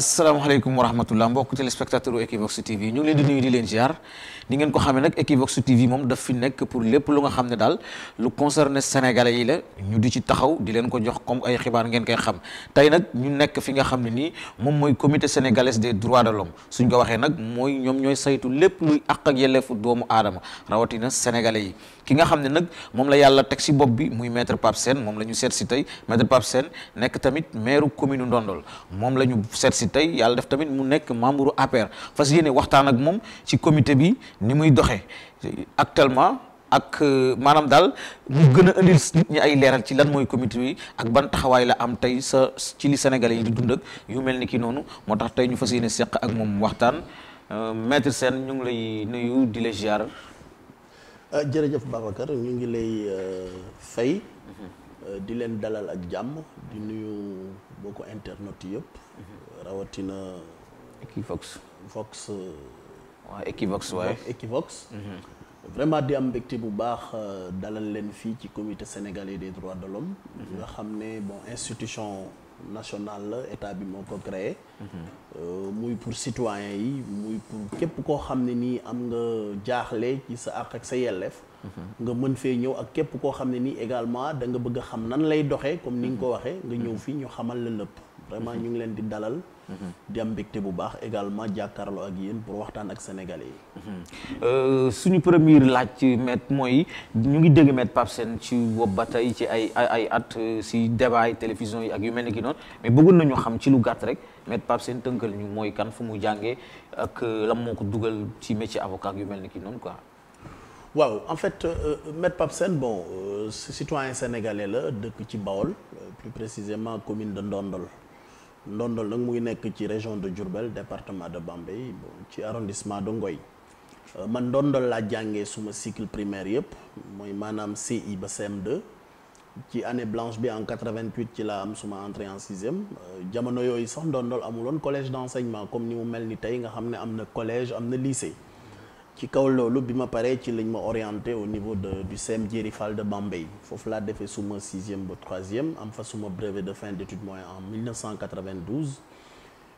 asalaamaaleykum wa rahmatullah mbokk téléspectateur u Equivox TV ñu ngi leen di nuyu di leen ziar ni ngeen ko xamee nag Equivox TV moom daf fi nekk pour lépp lu nga xam ne daal lu concerné sénégalais yi la ñu di ci taxaw di leen ko jox comme ay xibaar ngeen koy xam tey nag ñu nekk fi nga xam ne nii moom mooy comité sénégalais de droits de l'homme suñ ko waxee nag mooy ñoom ñooy saytu lépp luy àq ak yelleefu doomu aadama rawatina sénégalais yi ki nga xam ne nag moom la yàlla teg si bopp bi muy mètre Pape Sène moom la ñu seet si tey maître Pape Sène nekk tamit maire commune Ndondol moom la ñu seet si tey yàlla def tamit mu nekk membre APR fas yéene waxtaan ak moom ci comité bi ni muy doxee actuellement ak euh, maanaam daal mu gën a indil ay leeral ci lan mooy comité bi ak ban taxawaay la am tey sa ci li Sénégalais yi di dund ak yu mel ni ki noonu moo tax tey ñu fas yéene seq ak moom waxtaan euh, maître Sène ñu ngi lay nuyu di la ziar. Euh, jërëjëf Babacar ñu ngi lay euh, fay mm-hmm. euh, di leen dalal ak jàmm di nuyu mbokku internet yëpp mm-hmm. rawatina Equivox Vox waaw Equivox waaye mm-hmm. vraiment di am mbégte bu baax dalal leen fii ci comité sénégalais des droits de l'homme nga xam ne bon institution national la état bi moo ko créé. Mhm. Euh, muy pour citoyen yi muy pour képp koo xam ne nii am nga jaaxle ci sa àq ak sa yelleef. Mhm. nga mën fee ñëw ak képp koo xam ne nii également da nga bëgg a xam nan lay doxee comme ni nga ko waxee nga ñëw mhm. fii ñu xamal la lépp. vraiment ñu ngi leen di dalal. Mm-hmm. di am mbégte bu baax également jàkkaarloo ak yéen pour waxtaan ak sénégalais yi. Mm-hmm. Euh, suñu premier laaj ci mooy ñu ngi dégg maître Pape Sène ci boobu ba tey ci ay ay at euh, si débat yi télévision yi ak yu mel ni ki noonu mais bëggoon nañu xam ci lu gàtt rek maître Pape Sène tënkal ñu mooy kan fu mu jàngee ak euh, lan moo ko dugal ci métier avocat yu mel ni ki noonu quoi. waaw en fait maître Pape Sène bon citoyen sénégalais la dëkk ci Bawol plus précisément commune de Ndondol. Ndondol nag mu ngi nekk ci région de Diourbel département de bambay ci arrondissement de Ngoy euh, man Ndondol laa jàngee suma cycle primaire yëpp mooy maanaam CI ba cm de ci année blanche bi en 88 ci laa am suma entrée en sixième euh, jamano yooyu sax Ndondol amuloon collège d'enseignement comme ni mu mel ni tey nga xam ne am na collège am na lycée ci kaw loolu bi ma paree ci lañ ma orienté au niveau de du CEM Djéri Fall foofu laa defee suma sixième ba troisième am fa suma brevet de fin d'études moyen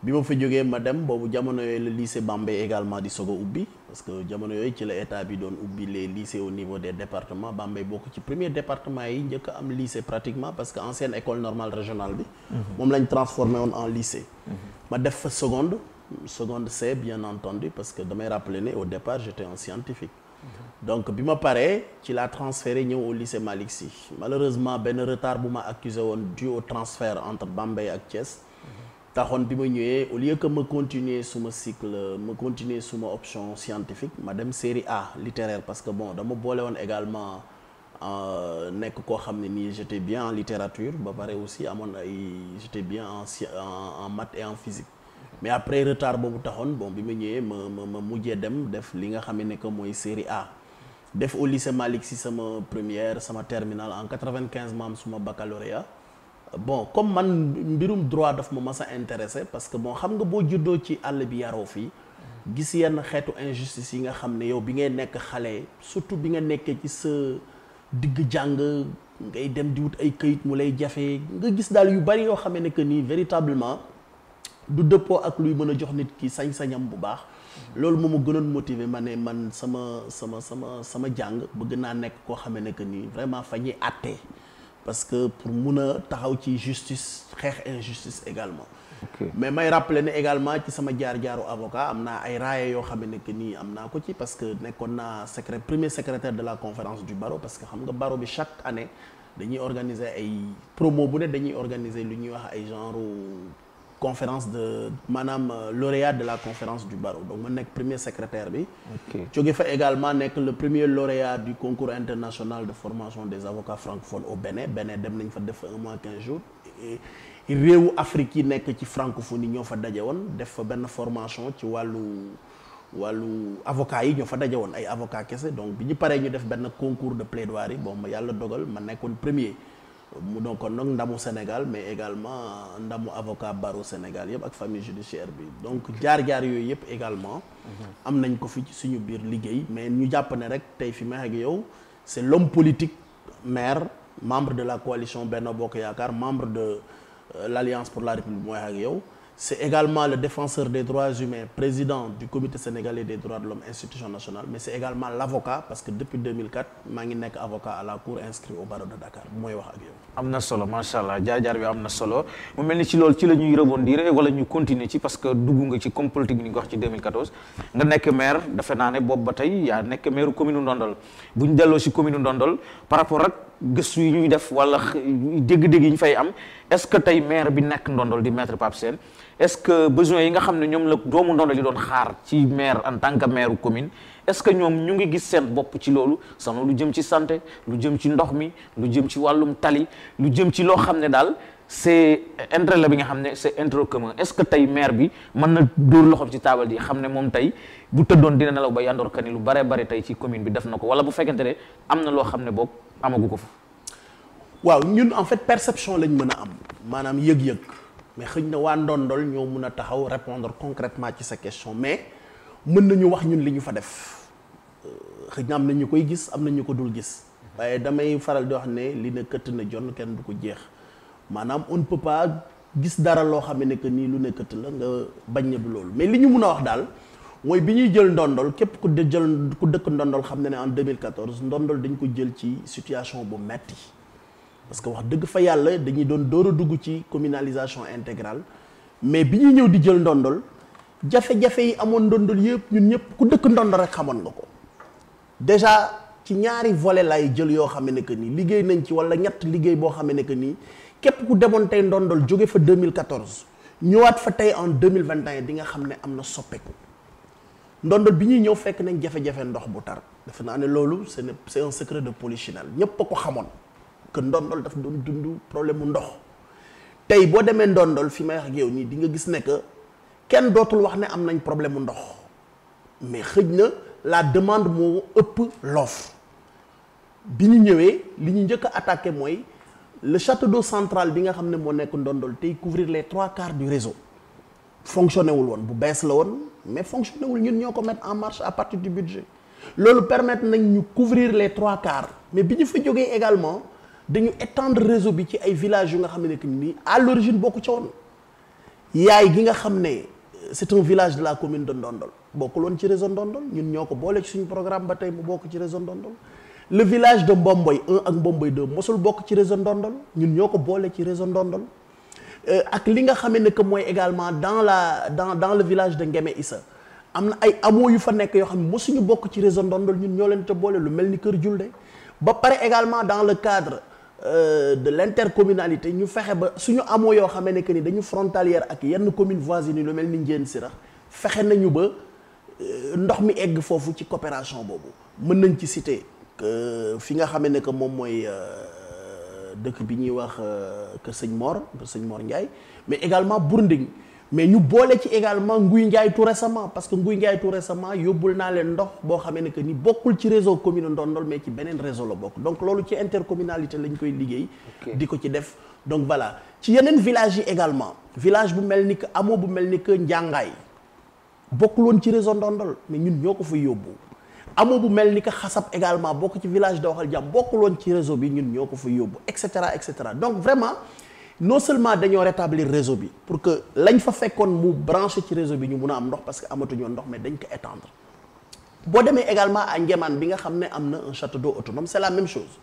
bi ma fa jógee ma dem boobu jamono yooyu la lycée Bambey également di soog ubbi parce que jamono yooyu ci la état bi doon ubbi les lycées au niveau des départements Bambey bokk ci premier département yi njëkk a am lycée pratiquement parce que ancienne école normale régionale bi mhm. moom lañ transformé seconde C bien entendu parce que damay rappeler ne au départ j'étais un scientifique donc bi ma paree ci la transféré ñëw au lycée Malick Sy malheureusement benn retard bu ma accusé woon dû au transfert entre Bambey ak Thiès taxoon bi ma ñëwee au lieu que ma continuer suma cycle ma continuer suma option scientifique ma dem série A littéraire parce que bon dama boole woon également euh, nekk koo xam ne nii j'étais bien en littérature ba pare aussi amoon ay j'étais bien en en maths et en physique mais après retard boobu taxoon bon bi ma ñëwee ma ma ma mujjee dem def li nga xam ne que mooy série A def au lycée Malick si sama première sama terminal en 95 ma am suma baccalauréat bon comme man mbirum droit daf ma ma a intéressé parce que bon xam nga boo juddoo ci àll bi yaroo fii gis yenn xeetu injustice yi nga xam ne yow bi ngay nekk xale surtout bi nga nekkee ci sa digg jàng ngay dem di wut ay kayit mu lay jafe nga gis daal yu bari yoo xam ne que nii véritablement du dëppoo ak luy mën a jox nit ki sañ-sañam bu baax loolu moom mu gënoon motiver ma ne man sama sama sama sama jàng bëgg naa nekk koo xamee ne que nii vraiment fa ñi àttee parce que pour mun a taxaw ci justice xeex injustice également mais may rappeler ne également ci sama jaar-jaaru avocat am naa ay raaya yoo xam ne que nii am naa ko ci parce que nekkoon naa secré premier secrétaire de la conférence du barreau parce que xam nga barreau bi chaque année dañuy organiser ay promo bu ne dañuy organiser lu ñuy wax ay genre conférence de maanaam euh, lauréat de la conférence du barreau donc ma nekk premier secrétaire bi. ok jóge fa également nekk le premier lauréat du concours international de formation des avocats francophones au Bénin Bénin dem nañ fa def un mois quinze jours. réewu Afrique yi nekk ci francophonie ñoo fa daje woon def fa benn formation ci wàllu wàllu avocat yi ñoo fa daje woon ay avocat kese donc bi ñu paree ñu def benn concours de plaidoirie bon ma yàlla dogal ma nekkoon premier. donc kon nag ndamu Sénégal mais également ndamu avocat barreau Sénégal yëpp ak famille judiciaire bi donc jaar-jaar yooyu yëpp également. Mhm. am nañ ko fi ci suñu biir liggéey mais ñu jàpp ne rek tey fi may ak yow c' est l'homme politique maire membre de la coalition Benno Bokk Yaakaar membre de euh, l' pour la république mooy ak yow. C'est également le défenseur des droits humains, président du Comité sénégalais des droits de l'homme, institution nationale, mais c'est également l'avocat parce que depuis maa ngi nekk avocat à la cour inscrit au barreau de Dakar mooy wax ak yow. am na solo macha allah jaar-jaar bi am na solo mu mel ni ci loolu ci la ñuy rebondir wala ñu continuer ci parce que dugg nga ci comme politique bi ñu ko wax ci 2014 nga nekk maire defe naa ne boobu ba tey yaa nekk maire commune Ndondol bu si commune Ndondol par rapport gëstu yi ñuy def wala dégg-dégg yi ñu fay am est-ce que tey maire bi nekk ndondol di maître Pape est-ce que besoin yi nga xam ne ñoom la doomu ndondol yi doon xaar ci maire en tant que maire commune est-ce que ñoom ñu ngi gis seen bopp ci loolu sama lu jëm ci santé lu jëm ci ndox mi lu jëm ci wàllum tali lu jëm ci loo xam ne daal c'est intérêt la bi nga xam ne c'est intérêt commun est que tey maire bi mën na dóor loxoom ci taabal ji xam ne moom tey bu tëddoon dina nelaw ba yandoor kani lu bare bare tey ci commune bi def na ko wala bu fekkente ne am na loo xam ne boobu amagu ko fa. waaw ñun en fait perception lañ mën a am maanaam yëg-yëg mais xëñ na waa ndondol ñoo mun a taxaw répondre concrètement ci sa question mais mën nañu wax ñun li ñu fa def euh, xëñ na am na ñu koy gis am na ñu ko dul gis waaye damay faral di wax ne li ne këtt na jonn kenn du ko jeex maanaam on ne peut gis dara loo xam ne que nii lu ne këtt la nga bañ na du loolu mais li ñu mun a wax daal. mooy bi ñuy jël ndondol képp ku jël ku dëkk ndondol xam ne ne en mille 2014 ndondol dañ ko jël ci situation bu metti parce que wax dëgg fa yàlla dañuy doon door a dugg ci communalisation intégrale mais bi ñuy ñëw di jël ndondol jafe-jafe yi amoon ndondol yëpp ñun ñëpp ku dëkk ndondol rek xamoon nga ko déjà ci ñaari volet lay jël yoo xam ne que ni liggéey nañ ci walla ñett liggéey boo xam ne que nii képp ku demoon tey ndondol jóge fa 2014 ñëwaat fa tey en 2021 di nga xam ne am na soppeeku. ndondol bi ñuy ñëw fekk nañ jafe-jafe ndox bu tar defe naa ne loolu seen n'est secret de polichinelle ñëpp a ko xamoon que ndondol daf doon dund problème mu ndox tey boo demee ndondol fi may wax ak yow nii di nga gis ne que kenn dootul wax ne am nañ problème mu ndox mais xëj na la demande moo ëpp lof bi ñu ñëwee li ñu njëkk a attaqué mooy le château d'eau central bi nga xam ne moo nekk ndondol tey couvrir les trois quarts du réseau fonctionné wul woon bu bees la woon mais fonctionné wul ñun ñoo ko mettre en marche à partir du budget loolu permettre nañ ñu couvrir les trois quarts mais bi ñu fa jógee également dañu étendre réseau bi ci ay villages yu nga xam ne que nii à l'origine bokk ca woon yaay gi nga xam ne euh, c'est un village de la commune de Ndondol bokkul woon ci réseau Ndondol ñun ñoo ko boole suñu programme ba tey mu bokk ci réseau Ndondol le de Mbomboy ak Mbomboy 2 mosul bokk ci réseau Ndondol ñun ñoo ko boole ci réseau Ndondol Euh, ak li nga xamee ne que mooy également dans la dans dans le village de Ngeme Issa am na ay amoo yu fa nekk yoo xam ne mosuñu bokk ci réseau Ndondol ñun ñoo leen te boole lu mel ni Kër Julde ba pare également dans le cadre euh, de l'intercommunalité ñu fexe ba suñu amoo yoo xamee ne que ni dañu frontalière ak yenn commune voisines yi lu mel ni Ndiène Sirax fexe nañu ba euh, ndox mi egg foofu ci coopération boobu mën nañ ci citer fi nga xamee ne que moom mooy. dëkk bi ñuy wax euh, kër sëñ moor kër sëñ Mor Ndiaye mais également Bournding mais ñu boole ci également Nguy Ndiaye tout récemment parce que Nguy Ndiaye tout récemment yóbbul naa leen ndox boo xamee ne que ni bokkul ci réseau commune Ndondol mais ci beneen réseau la bokk donc loolu ci intercommunalité lañ koy liggéey. di ko ci def donc voilà ci yeneen village yi également village bu mel ni que amoo bu mel ni que Njàngaay bokkul woon ci réseau Ndondol mais ñun ñoo ko fa yóbbu. amoo bu mel ni que xasab également bokk ci village Doxal Jàmm bokkuloon ci réseau bi ñun ñoo ko fa yóbbu et cetera et cetera donc vraiment non seulement dañoo rétablir réseau bi pour que lañ fa fekkoon mu branché ci réseau bi ñu mun a am ndox parce que amatuñoo ndox mais dañ ko étendre boo demee également à Ngemaan bi nga xam ne am na un château d'eau autonome c'est la même chose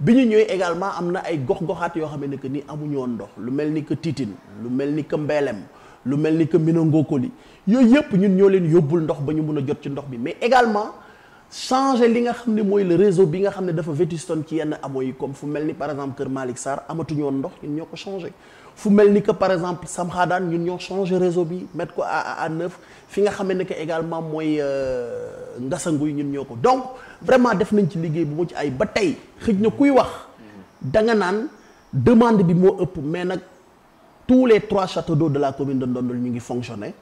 bi ñu ñëwee également am na ay gox-goxaat yoo xam ne que ni amuñoon ndox lu mel ni que Titine lu mel ni que Mbelem lu mel ni que Minangokoli yooyu yëpp ñun ñoo leen yóbbul ndox ba ñu mun a jot ci ndox bi mais également changer li nga xam ne mooy le réseau bi nga xam ne dafa vétustoon ci yenn amo yi comme fu mel ni par exemple Kër Malick Sarr amatuñu woon ndox ñun ñoo ko changé fu mel ni que par exemple Samxaadaan ñun ñoo changé réseau bi mettre ko à à neuf fi nga xam ne que également mooy euh, yi ñun ñoo ko donc vraiment def nañ ci liggéey bi mu ci ay ba tey xëj na kuy wax da nga naan demande bi moo ëpp mais nag tous les trois châteaux d'eau de la commune de Ndondol ñu ngi fonctionner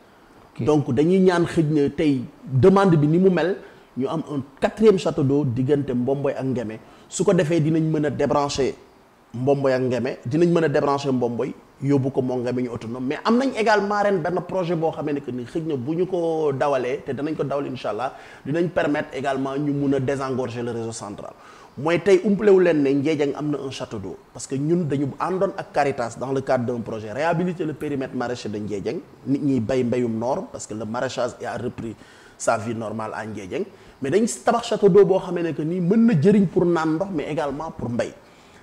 donc dañuy ñaan xëj na tey demande bi ni mu mel ñu am un quatrième château d'eau diggante Mbomboy ak Ngeme su ko defee dinañ mën a débrancher Mbomboy ak Ngeme dinañ mën a débrancher Mbomboy yóbbu ko moo Ngeme ñu autonome mais am nañ également ren benn projet boo xamee ne ni xëy na bu ñu ko dawalee te danañ ko dawal incha allah dinañ permettre également ñu mun a désengorger le réseau central. mooy tey umpalewu leen ne Ndiédiène am na un château d'eau parce que ñun dañu àndoon ak Caritas dans le cadre d'un projet réhabiliter le périmètre maraîcher de Ndiédiène nit ñiy bay mbayum noor parce que le maraîchage a repris. sa vie normale à Ndiédiène mais dañ tabax château d'eau boo xamee ne que nii mën na jëriñ pour naan ndox mais également pour mbay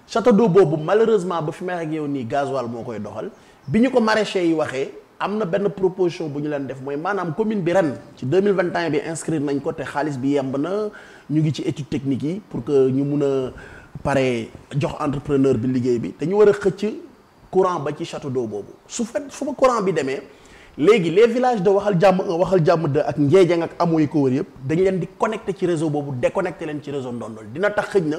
château d'eau boobu malheureusement ba fi may ak yow nii gasoil moo koy doxal bi ñu ko maraîcher yi waxee am na benn proposition bu ñu leen def mooy maanaam commune bi ren ci 2021 bi inscrire nañ ko te xaalis bi yemb na ñu ngi ci étude technique yi pour que ñu mun a pare jox entrepreneur bi liggéey bi dañu war a xëcc courant ba ci château d'eau boobu léegi les villages de waxal jàmm waxal jàmm 2 ak njeejang ak amoo yi ko wër yëpp dañ leen di connecté ci réseau boobu déconnecté leen ci réseau ndondol dina tax xëj na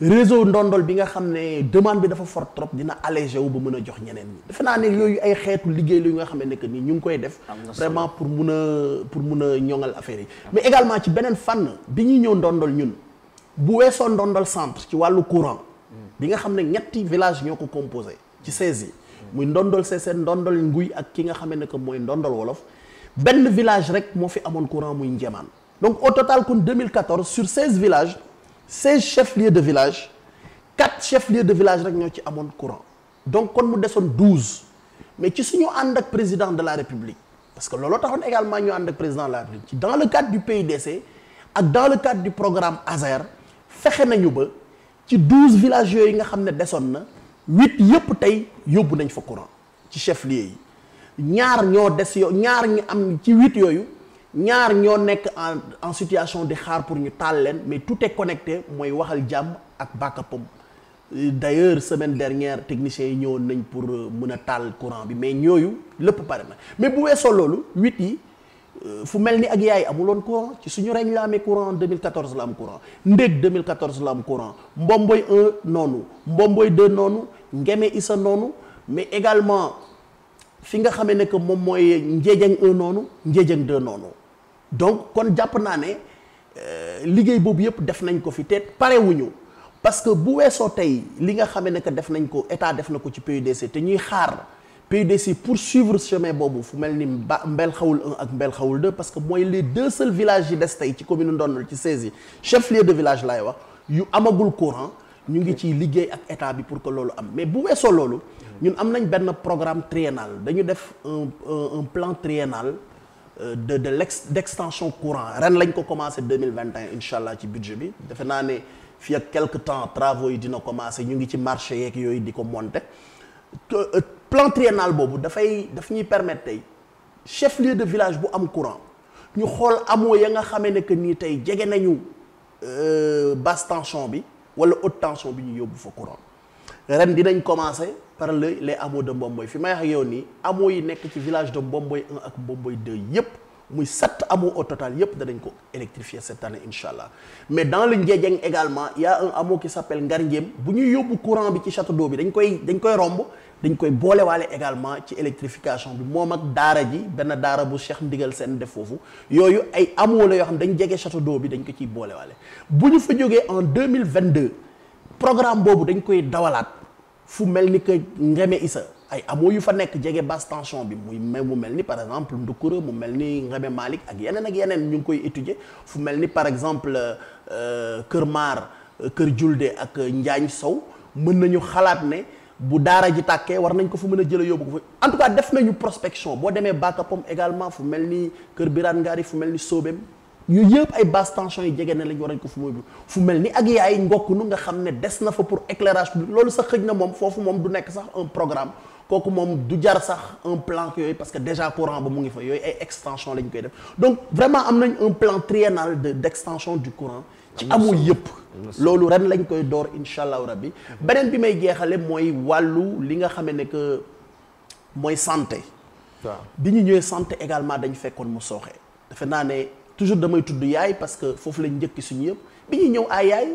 réseau ndondol bi nga xam ne demande bi dafa fort trop dina allégé wu ba mën a jox ñeneen yi defe naa ne yooyu ay xeetu liggéey lu nga xam ne que ni ñu ngi koy def vraiment pour mun a pour mun a ñoŋal affaire yi mais également ci beneen fànn bi ñuy ñëw ndondol ñun bu weesoo ndondol centre ci wàllu courant mm. bi nga xam ne ñetti village ñoo ko composé ci 16 yi muy ndondol Sessène ndondol Nguy ak ki nga xamee ne que mooy ndondol wolof benn village rek moo fi amoon courant muy Njéemaan donc au total kon 2014 sur 16 villages 16 chefs de village 4 chefs lieux de village rek ñoo ci amoon courant donc kon mu desoon 12 mais ci suñu ànd ak président de la république parce que looloo taxoon également ñu ànd ak président de la république ci dans le cadre du PIDC ak dans le cadre du programme ASER fexe nañu ba ci 12 villages yooyu nga xam ne desoon na. huit yëpp tey yóbbu nañ fa courant ci chef lieu yi ñaar ñoo des yo ñaar ñi am ci huit yooyu ñaar ñoo nekk en en situation di xaar pour ñu taal leen mais tout est connecté mooy waxal jàmm ak backupam d'ailleurs semaine dernière techniciens yi ñëwoon nañ pour euh, mën a taal courant bi mais ñooyu lépp pare na mais bu weesoo loolu huit yi fu mel ni ak yaay amuloon ko ci suñu reñ la amee courant en 2014 la am courant ndéeg 2014 la am courant mbomboy 1 noonu mbomboy 2 noonu ngeme isa noonu mais également fi nga xamee ne que moom mooy njeejeng noonu njeejeng 2 noonu donc kon jàpp naa ne euh, liggéey boobu yëpp def nañ ko fi te parewuñu parce que bu weesoo tey li nga xamee ne que def nañ ko état def na ko ci PUDC te ñuy xaar pour poursuivre chemin boobu fu mel ni ba mbel xawul 1 ak mbel xawul de parce que mooy les deux seuls villages yi des tey ci commune Ndondol ci 16 chef lieu de village laay wax yu amagul courant ñu ngi ci liggéey ak état bi pour que loolu am mais bu weesoo loolu ñun am nañ benn programme triennal dañu def un un plan triennal euh, de de l'ex d'extension courant ren lañ ko commencé 2021 incha allah ci budget bi defe naa ne fii ak quelque temps travaux yi dina commencé ñu ngi ci marché yeeg yooyu di ko monter euh, plan triennal boobu dafay dafa ñuy permettre tey chef lieu de village bu am courant ñu xool amoo ya nga xame ne que nii tey jege nañu euh, basse tension bi wala haute tension bi ñu yóbbu fa courant ren dinañ commencer par le les hameaux de Mbomboy fi may wax ak yow yi nekk ci village de Mbomboy 1 ak Mbomboy 2 muy sept hameaux au total yépp danañ ko électrifier cette année incha allah mais dans le Ndiédiène également il y a un hameau qui bu ñuy yóbbu courant bi ci château do bi dañ koy dañ koy romb dañ koy boolewaale également ci électrification bi moom ak daara ji benn daara bu Cheikh Ndigal seen def foofu yooyu ay amoo la yoo xam ne dañ jege château d'eau bi dañ ko ciy boolewaale bu ñu fa jógee en 2022 programme boobu dañ koy dawalaat fu mel ni que Ngeme Issa ay amoo yu fa nekk jege basse tension bi muy mu mel ni par exemple Ndukura mu mel ni Ngeme maalik ak yeneen ak yeneen ñu ngi koy étudier fu mel ni par exemple euh, Kër Maar euh, Kër Julde ak Njaañ Sow mën nañu xalaat ne bu daara ji tàkkee war nañ ko fu mën a jële yóbbu ko fa en tout cas def nañu prospection boo demee Bakapom également fu mel ni Kër Birane Ngari fu mel ni Sobem yooyu yëpp ay basse tension yi jege na lañ war nañ ko fu muy fu mel ni ak yaay ngokk nu nga xam ne des na fa pour éclairage public loolu sax xëj na moom foofu moom du nekk sax un programme kooku moom du jar sax un plan yooyu parce que déjà courant ba mu ngi fa yooyu ay extension lañ koy def donc vraiment am nañ un plan triennal de d' extension du courant ci yëpp loolu ren lañ koy door incha allahu rabbi beneen bi may jeexale mooy wàllu li nga xame ne que mooy santé bi ñu ñëwee santé également dañu fekkoon mu sooxe defe naa ne toujours damay tudd yaay parce que foofu lañ njëkki suñu yëpp bi ñuy ñëw ay yaay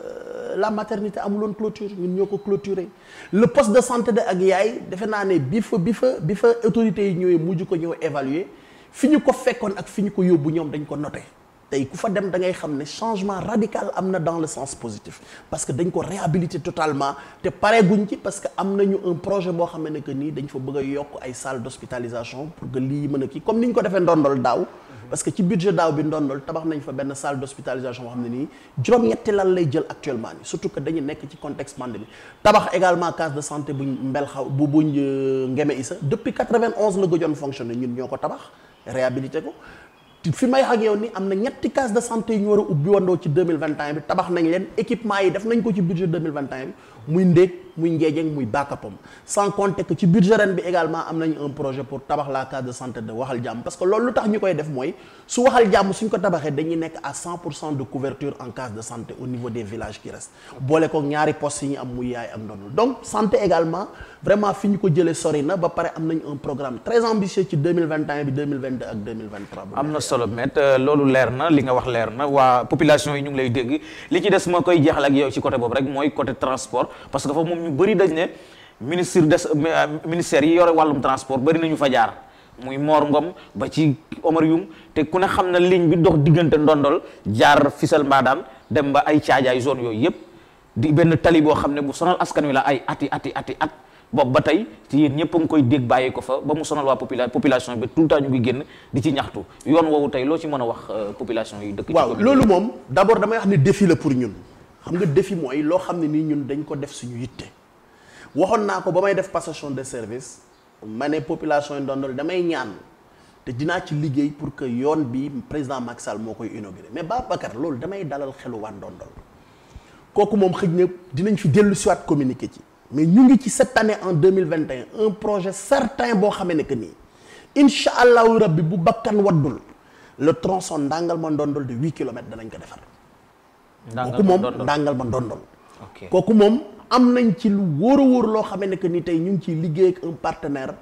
euh, la maternité amuloon clôture ñun ñoo ko clôturer le poste de santé de ak yaay defe naa ne bi fa bi fa bi fa autorités yi ñëwee mujj ko ñëw évaluer fi ñu ko fekkoon ak fi ñu ko yóbbu ñoom dañ ko note tey ku fa dem da ngay xam ne changement radical am na dans le sens positif parce que dañ ko réhabiliter totalement te pareeguñ ci parce que am nañu un projet boo xam ne que nii dañ fa bëgg a yokk ay salle d'hospitalisation pour que lii mën a kii comme ni ñu ko defee ndondol daaw parce que ci budget daaw bi ndondol tabax nañ fa benn salle d'hospitalisation boo ne nii juróom-ñetti lan lay jël actuellement ni surtout que dañu nekk ci contexte pandémie tabax également case de santé buñ mbel xaw bu buñ euh, ngeme isa depuis 91 la gëjoon fonctionné ñun ñoo ko tabax réhabilité ko fi may wax ak ni am na ñetti case de santé yu ñu war a ubbi wandoo ci 2021 bi tabax nañ leen équipement yi def nañ ko ci budget 2021 bi muy ndéeg muy Ngéejeng muy Bakapom sans compter que ci budget ren bi également am nañu un projet pour tabax la case de santé de Waxal Jàmm parce que loolu lu tax ñu koy def mooy su Waxal Jàmm suñ ko tabaxee dañuy nekk à de couverture en case de santé au niveau des villages qui boole ko ñaari postes yi ñu am muy yaay ak ndonul donc santé également fi ñu ko jëlee sori na ba pare am nañu un programme très ambitieux ci ak am na solo met euh, loolu leer na li nga wax lay li ci des ma koy jeexal ak yow ci côté boobu rek mooy ñu bëri dañ ne ministre des ministère yi yore wàllum transport bari nañu fa jaar muy moor Ngom ba ci Omar Youm te ku ne xam na ligne bi dox diggante ndondol jaar Fissel Mbadane dem ba ay caajaay zone yooyu yëpp di benn tali boo xam ne bu sonal askan wi la ay ati ati ati at boobu ba tey ci yéen ñëpp a ngi koy dégg bàyyi ko fa ba mu sonal waa popula population bi tout le temps ñu ngi génn di ci ñaxtu yoon woowu tey loo ci mën a wax euh, population yi dëkk waaw loolu moom la pour ñun xam nga défi mooy loo xam ne nii ñun dañ ko def suñu yitte waxoon naa ko ba may def passation de service ma ne population yi Ndondol damay ñaan te dinaa ci liggéey pour que yoon bi président Macky Sall moo koy inauguré mais Babacar loolu damay dalal xelu waa Ndondol kooku moom xëj na dinañ fi dellu siwaat communiqué ci mais ñu ngi ci sept année en 2021 un projet certain boo xamee ne que nii incha allahu rabbi bu bakkan waddul le tronçon Ndangalma Ndondol de huit kilomètres danañ ko defar kooku moom ndàngal ba ndondol kooku moom am nañ ci lu wóor wóor loo xamee ne que ni tey ñu ngi ciy liggéey ak un partenaire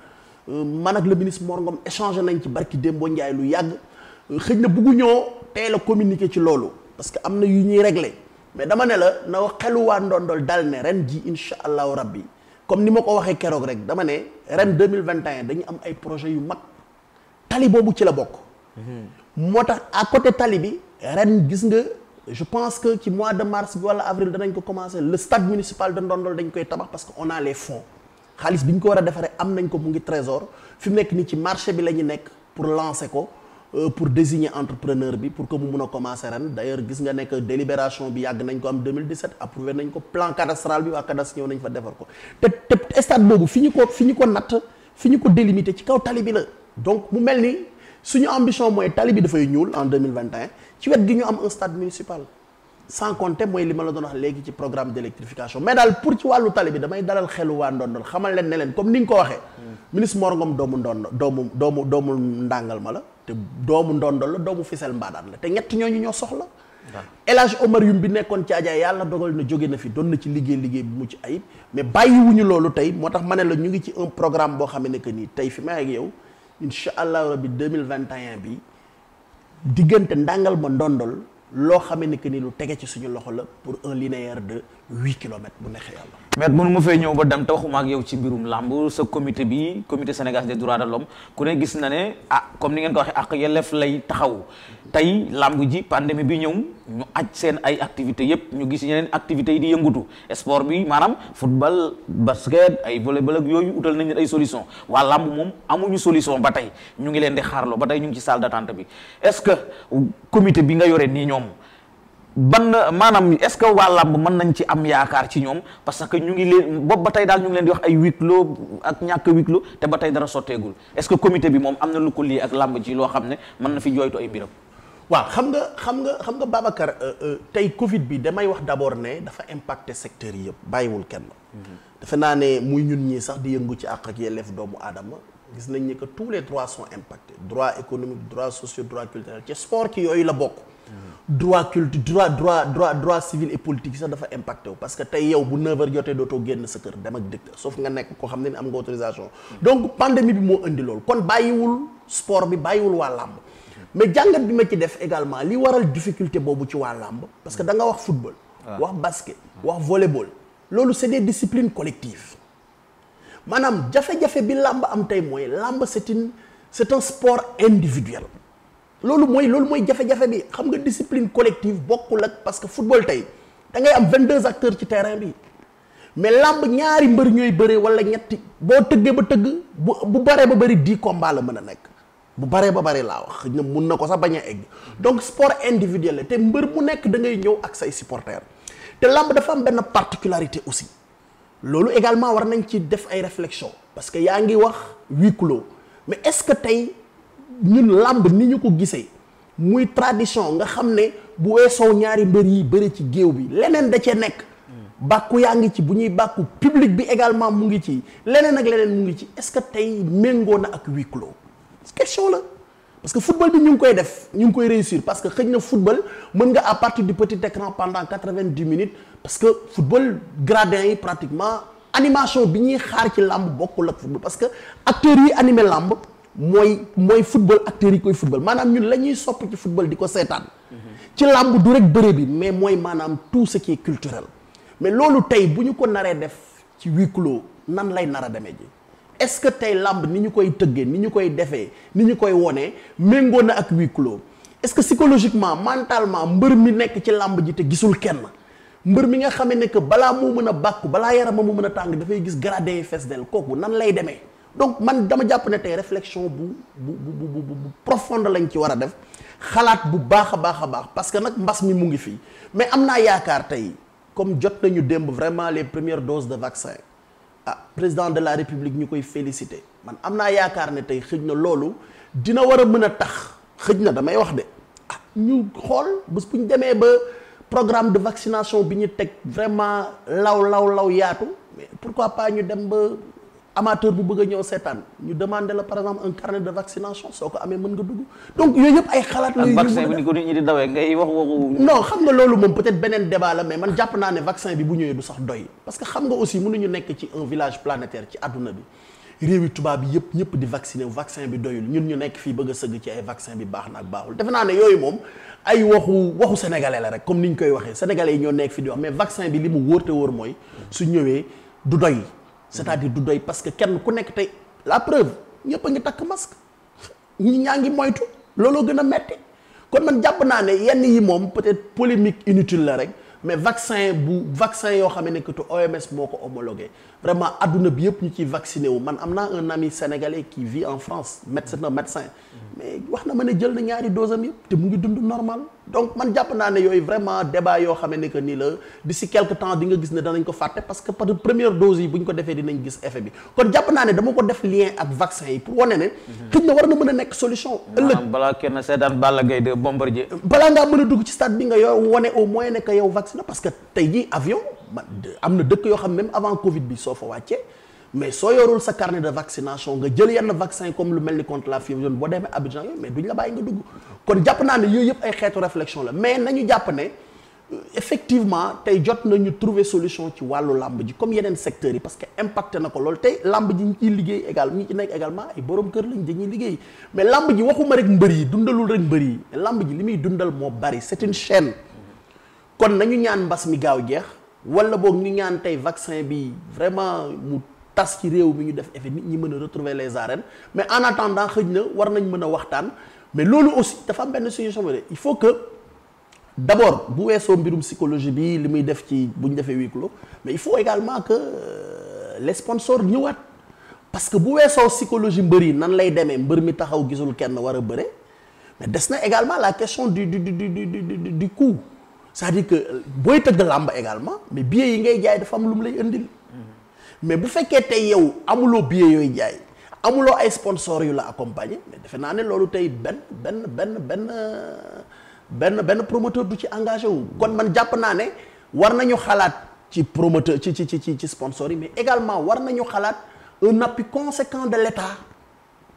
euh, man ak le ministre Mor Ngom nañ ci barki boo njaay lu yàgg euh, xëj na buggu ñoo teel a communiquer ci loolu parce que am na yu ñuy regle mais dama ne la na xelu waa ndondol dal ne ren ji incha allahu rabbi comme ni ma ko waxee keroog rek dama ne ren 2021 dañu am ay projet yu mag tali boobu ci la bokk mhm. moo tax à côté tali gis nga je pense que ci mois de mars bi wala avril danañ ko commencer le stade municipal de Ndondol dañ koy tabax parce que on a les xaalis bi ñu ko war a defaree am nañ ko mu ngi trésor fi mu nekk nii ci marché bi la ñu nekk pour lancer ko euh, pour désigner entrepreneur bi pour que mu mun a commencer ren d'ailleurs gis nga nekk délibération bi yàgg nañ ko am 2017 nañ ko plan cadastral bi waa cadastre ñëw nañ fa defar ko te te stade boobu fi ñu ko fi ñu ko natt fi ñu ci kaw tali bi la donc suñu ambition mooy tali bi dafay ñuul en 2021 ci wet gi ñu am un stade municipal sans compter mooy li ma la doon wax léegi ci programme d'électrification mais daal pour ci wàllu tali bi damay dalal xelu waa ndondol xamal leen ne leen comme ni nga ko waxee hmm. ministre Mor Ngom doomu ndond doomu doomu doomu ndàngal ma la te doomu ndondol la doomu Fissel Mbadane la te ñett ñooñu ñoo soxla El Hadj Omar Youm bi nekkoon ci yàlla dogal na jóge na fi doon na ci liggéey liggéey bu mucc ayib mais bàyyiwuñu loolu tey moo tax ma ne la ñu ngi ci un boo xam ne que nii tey fi may yow incha allahu rabbi deux mille vingt bi diggante ndàngal ba ndondol loo xamee ni que ni lu tege ci suñu loxo la pour un linéaire de huit kilomètres bu neexee yàlla. mais mënu ma fay ñëw ba dem te waxuma ak yow ci mbirum làmb sa comité bi comité Sénégal des droits de l'homme ku ne gis na ne ah comme ni ngeen ko waxee ak yelleef lay taxaw tey lamb ji pandémie bi ñëw ñu aj seen ay activités yépp ñu gis ñeneen activités yi di yëngutu sport bi maanaam football basket ay volleyball ak yooyu utal nañ ay solution waa làmb moom amuñu solution ba tey ñu ngi leen di xaarloo ba tey ñu ngi ci salle d'attente bi est-ce que comité bi nga yore nii ñoom. ban maanaam est-ce que waa làmb mën nañ ci am yaakaar ci ñoom parce que ñu ngi leen bopp ba tey daal ñu ngi leen di wax ay huis clos ak ñàkk huis clos te ba tey dara sotteegul est-ce que comité bi moom am na lu ko lii ak làmb ji loo xam ne mën na fi jooytu ay mbiram. waa xam nga xam nga xam nga Babacar euh, euh, tey Covid bi damay wax d'abord ne dafa impacte secteur yi yëpp bàyyiwul kenn. Mhm. defe naa ne muy ñun ñii sax di yëngu ci àq ak yelleef doomu aadama gis nañ ni que tous les droits sont impactés droit économique droit social droit culturel ci sport ci yooyu la bokk. droit culte droit droit droit droit civil et politique sax dafa impacté wu parce que tey yow bu 9h jotee dootoo génn sa kër dem ak dëkk sauf nga nekk ko xam ne am nga autorisation donc pandémie bi moo indi loolu kon bàyyiwul sport bi bàyyiwul waa làmb mais jàngat bi ma ci def également li waral difficulté boobu ci waa làmb parce que da nga wax football ah. wax basket wax volleyball loolu c'est des disciplines collectives maanaam jafe-jafe bi làmb am tey mooy làmb c'est une c'est un sport individuel loolu mooy loolu mooy jafe-jafe bi xam nga discipline collective bokkul ak parce que football tey da ngay am 22 acteurs ci terrain bi mais làmb ñaari mbër ñooy bëree wala ñetti boo tëggee ba tëgg bu bu baree ba bëri 10 combat la mën a nekk bu baree ba bari laa wax na mun na ko sax bañ a egg donc sport individuel te mbër mu nekk dangay ñëw ak say supporters te làmb dafa am benn particularité aussi loolu également war nañ ci def ay réflexion parce que yaa ngi wax huis ñun làmb ni ñu ko gisee muy tradition nga xam ne bu weesoo ñaari mbër yi bëri ci géew bi leneen da cee nekk bàkku yaa ngi ci bu ñuy bàkku public bi également mu ngi ci leneen ak leneen mu ngi ci est-ce que tey méngoo na ak huis clos question la parce que football bi ñu ngi koy def ñu ngi koy réussir parce que xëy na football mën nga à parti du petit écran pendant quatre-vingt-dix minutes parce que football gradin yi pratiquement animation bi ñuy xaar ci làmb bokkul ak football parce que acteurs yi animé làmb mooy mooy football acteurs yi koy football maanaam ñun la ñuy sopp ci football di ko seetaan ci làmb du rek bëre bi mais mooy maanaam tout ce qui culturel mais loolu tey bu ñu ko naree def ci huis clos nan lay nar a demee ji est-ce que tey làmb ni ñu koy tëggee ni ñu koy defee ni ñu koy wonee méngoo na ak huis clos est-ce que psychologiquement mantalement mbër mi nekk ci làmb ji te gisul kenn mbër mi nga xamee ne que balaa moo mën a bàkku balaa yaramam mu mën a tàng dafay gis gradé yi del kooku nan lay demee donc man dama jàpp ne tey réflexion bu bu bu bu profonde lañ ci war a def xalaat bu baax a baax a baax parce que nag mbas mi mu ngi fii mais am naa yaakaar tey comme jot nañu démb vraiment les premières doses de vaccin ah président de la république ñu koy félicité man am naa yaakaar ne tey xëj na loolu dina war a mën a tax xëj na damay wax de ah ñu xool bés bu ñu demee ba programme de vaccination bi ñu teg vraiment law law law yaatu mais pourquoi pas amateur bu bëgg a ñëw seetaan ñu demandé la par exemple un carnet de vaccination soo ko amee mën nga dugg donc yooyu yëpp ay xalaat la vaccin bi ni ko nit ñi di dawee ngay wax waxu non naa ne vaccin bi bu ñëwee du sax doy parce que xam nga aussi mënuñu nekk ci un village planétaire ci bi yëpp ñëpp di vacciné vaccin bi doyul ñun ñu nekk fii bëgg a sëgg ci ay vaccin bi baax na ak baaxul defe ne yooyu moom ay waxu waxu sénégalais la rek comme ni ñu koy waxee sénégalais yi ñoo nekk fii di wax mais vaccin bi li mu wóor te wóor mooy su ñëwee du doy c'est-à-dire du doy parce que kenn ku nekk tey la preuve ñëpp a ngi takk masque ñi ñaa ngi moytu looloo gën a metti kon man jàpp naa ne yenn yi moom peut-être polémique inutile la rek mais vaccin bu vaccin yoo xam ne que te OMS moo ko homologué vraiment adduna bi yëpp ñu ciy vacciné wu man am naa un ami sénégalais qui vit en France médecin mais wax na ma ne jël na ñaari dose yëpp te mu ngi dund normal donc man jàpp naa ne yooyu vraiment débat yoo xam ne que nii la d'ici quelque temps di nga gis ne danañ ko fàtte parce que par première dose yi bu ñu ko defee dinañ gis effet bi kon jàpp naa ne dama ko def lien ak vaccin yi pour wane ne xëj na war na mën a nekk solution ëllëg balaa kenn seetaan Balla Gaye de dugg ci stade bi nga wane au moins ne que yow vacciné parce que tey jii avion man am na dëkk yoo xam même avant Covid bi soo fa wàccee mais soo yorul sa carnet de vaccination nga jël yenn vaccin comme lu mel ni contre la fièvre jaune boo demee Abidjan yooyu mais duñ la bàyyi nga dugg naa ne yooyu yëpp ay xeetu réflexion la mais nañu jàpp ne euh, effectivement tey jot nañu trouver solution ci wàllu làmb ji comme yeneen yi parce que impacté na ko loolu tey làmb ji ñu ciy liggéey également ñi ci nekk également ay borom kër lañ dañuy liggéey mais làmb ji yi dundalul rek mbër yi làmb ji li muy dundal moo bari c'est une chaîne kon nañu ñaan mbas mi gaaw jeex wala boog ñu ñaan tey vaccin bi vraiment mu tas ci réew mi ñu def effet ñi mën a retrouver les arènes mais en attendant xëj na war nañ mën a waxtaan mais loolu aussi dafa am benn solution bi il faut que d'abord bu weesoo mbirum psychologie bi li muy def ci bu ñu defee huis clos mais il faut également que euh, les sponsors ñëwaat parce que bu weesoo psychologie mbër yi nan lay demee mbër mi taxaw gisul kenn war a bëre mais des na également la question du du du du du c'est-à-dire que euh, booy tëgg làmb également mais billets yi ngay jaay dafa am lu mu lay indil mais bu fekkee tey yow amuloo billets yooyu jaay amuloo ay sponsor yu la accompagner mais defe naa ne loolu tey benn benn benn benn benn benn promoteur du ci engagé wu kon man jàpp naa ne war nañu xalaat ci promoteur ci ci ci ci sponsor yi mais également war nañu xalaat un appui conséquent de l'État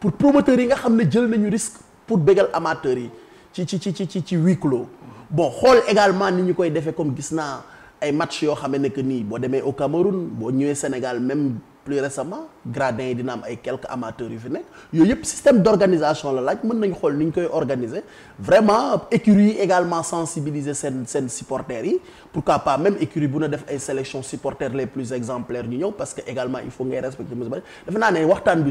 pour promoteurs yi nga xam ne jël nañu risque pour bégal amateur yi ci ci ci ci ci huis clos boo xool également ni ñu koy defee comme gis naa ay match yoo xam ne que nii boo demee o Cameroun boo ñëwee Sénégal même plus récemment gradin yi dina am ay quelques amateurs yu fi nekk yooyu yëpp système d'organisation la laaj mën nañu xool ni ñu koy organiser vraiment écurie yi également sensibiliser seen seen supporters yi pourquoi pas même écurie bu na def ay sélection supporters les plus exemplaires ñu ñëw parce que également il faut ngay respecter mesures defe naa ne waxtaan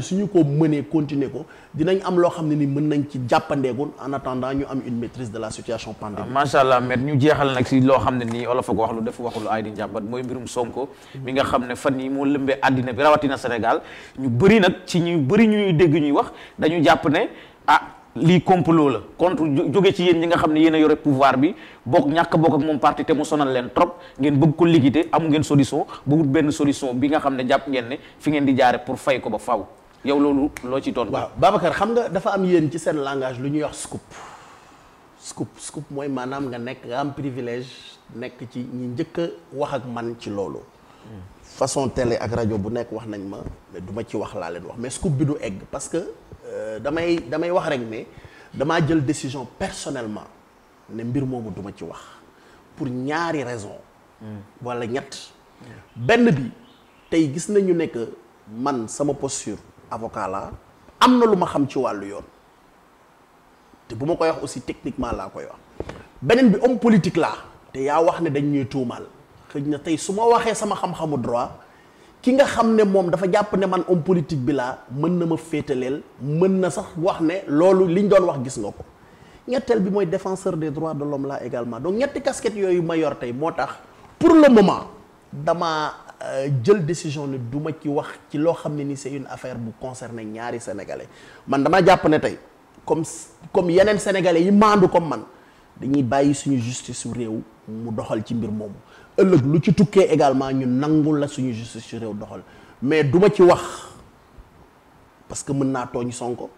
am loo xam ne ni mën nañ ci jàppandeegoon en attendant ñu am une maîtrise de la situation pandémique ah, rawatina Sénégal ñu bëri nag ci ñu bëri ñuy dégg ñuy wax dañu jàpp ne ah lii complot la contre jóge ci yéen ñi nga xam ne yéen a yore pouvoir bi bokk ñàkk bokk ak moom parti te mu sonal leen trop ngeen bëgg ko liquider amu ngeen solution bëggut benn solution bi nga xam ne jàpp ngeen ne fi ngeen di jaare pour fay ko ba faw yow loolu loo ci doon waaw Babacar xam nga dafa am yéen ci seen langage lu ñuy wax scoop scoop scoop mooy maanaam nga nekk nga am privilège nekk ci njëkk a wax ak man ci loolu façon télé ak rajo bu nekk wax nañ ma mais du ci wax laa leen wax mais scoop bi du egg parce que euh, damay damay wax rek ne damaa jël décision personnellement ne mbir moomu duma ci wax pour ñaari raison hmm. wala ñett hmm. benn bi tey gis nañu ne que man sama posture avocat la am na lu ma xam ci wàllu yoon te bu ma koy wax aussi techniquement laa koy wax beneen bi homme politique laa te yaa wax ne dañ ñuy tuumaal xëj na tey su ma waxee sama xam-xamu droit ki nga xam ne moom dafa jàpp ne man homme politique bi laa mën na ma féetaleel mën na sax wax ne loolu liñ doon wax gis nga ko ñetteel bi mooy defenseur des droits de l'homme laa également donc ñetti casquette yooyu ma yor tey moo tax pour le moment dama euh, jël décision ne duma ci wax ci loo xam ne ni c'est une affaire bu concerné ñaari sénégalais man dama jàpp ne tey comme comme yeneen sénégalais yi maandu comme man dañuy bàyyi suñu justice réew mu doxal ci mbir moomu ëllëg lu ci tukkee également ñu nangul la suñu justice ci doxal mais duma ci wax parce que mën naa tooñ Sonko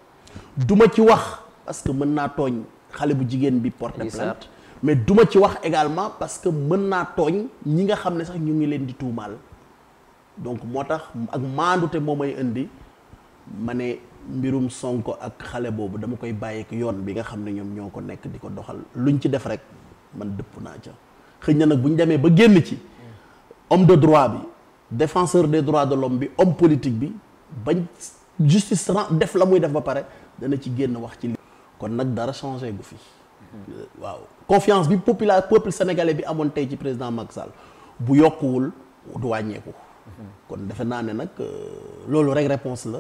du ci wax parce que mën naa tooñ xale bu jigéen bi porte plainte mais duma ci wax également parce que mën naa tooñ ñi nga xam ne sax ñu ngi leen di tuumaal donc moo tax ak te moo may indi ma ne mbirum Sonko ak xale boobu dama koy bàyyi ak yoon bi nga xam ne ñoom ñoo ko nekk di ko doxal lu luñ ci def rek man dëpp naa ca xëy na nag bu ñu demee ba génn ci homme de droit bi défenseur des droits de l'homme bi homme politique bi bañ justice def la muy def ba pare dana ci génn wax ci li kon nag dara changé gu fi euh, waaw confiance bi popula peuple sénégalais bi amoon tey ci président Macky Sall bu yokkuwul du wàññeeku kon defe naa ne nag euh, loolu rek réponse la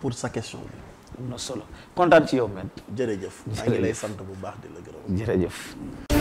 pour sa question bi am na solo kontaan ci yow men jërëjëf maa ngi lay sant bu baax di la gërëm jërëjëf